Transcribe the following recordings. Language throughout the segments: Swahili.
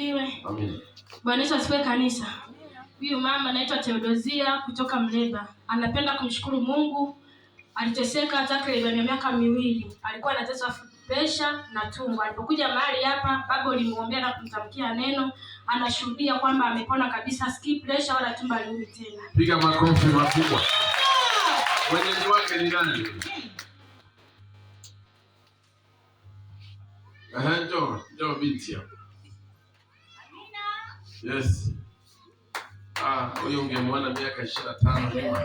asifiwe. Bwana Yesu asifiwe kanisa. Huyu mama anaitwa Theodosia kutoka Mleba, anapenda kumshukuru Mungu. Aliteseka takriban miaka miwili, alikuwa anateswa pesha na tumbo. Alipokuja mahali hapa, baba ulimwombea na kumtamkia neno, anashuhudia kwamba amepona kabisa, sikii presha wala tumbo alirudi tena. Piga makofi makubwa. Wewe ni wake ni nani? Ehe, njoo, njoo binti hapa. Yes. Ah, huyo ungemwona miaka 25 nyuma.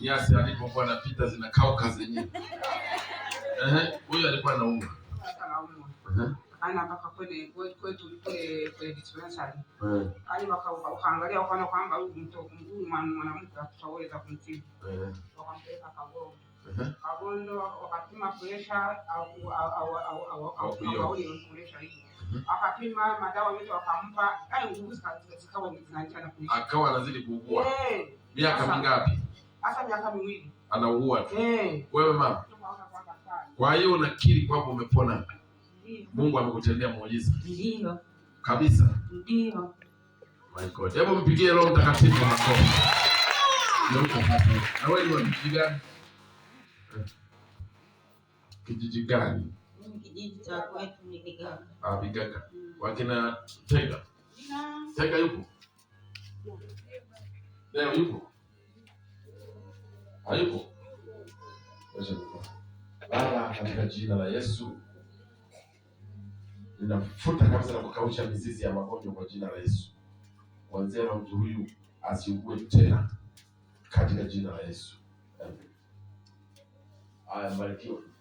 Yes, alipokuwa anapita zinakauka zenyewe. Eh, huyo alikuwa anaumwa. Sasa Eh sana mpaka kwenye kwetu kwenye dispensary. Hadi waka ukaangalia kwamba huyu mtoto mwanamke hatutaweza kumtibu. Wakampeleka Kagondo. Kagondo wakapima pressure au au Akapima madawa yote wakampa, yaani nguvu zikawa zinaachana kuisha. Akawa anazidi kuugua. Miaka mingapi? Hasa miaka miwili. Anaugua tu. Eh. Wewe mama. Kwa hiyo unakiri kwamba umepona? Mungu amekutendea muujiza ndio kabisa, ndio. My God, hebu mpigie Roho Mtakatifu makofi. Wewe ni wa kijiji gani? Eh. Kijiji gani? Kijiji cha kwetu ni Bigaga. Ah, Bigaga. Mm. Wakina Tega. Tega yupo? Leo yupo? Hayupo? Baba, katika jina la Yesu ninafuta kabisa na kukausha mizizi ya magonjwa kwa jina la Yesu. Kuanzia na mtu huyu asiugue tena katika jina la Yesu. Amen. Haya, barikiwa.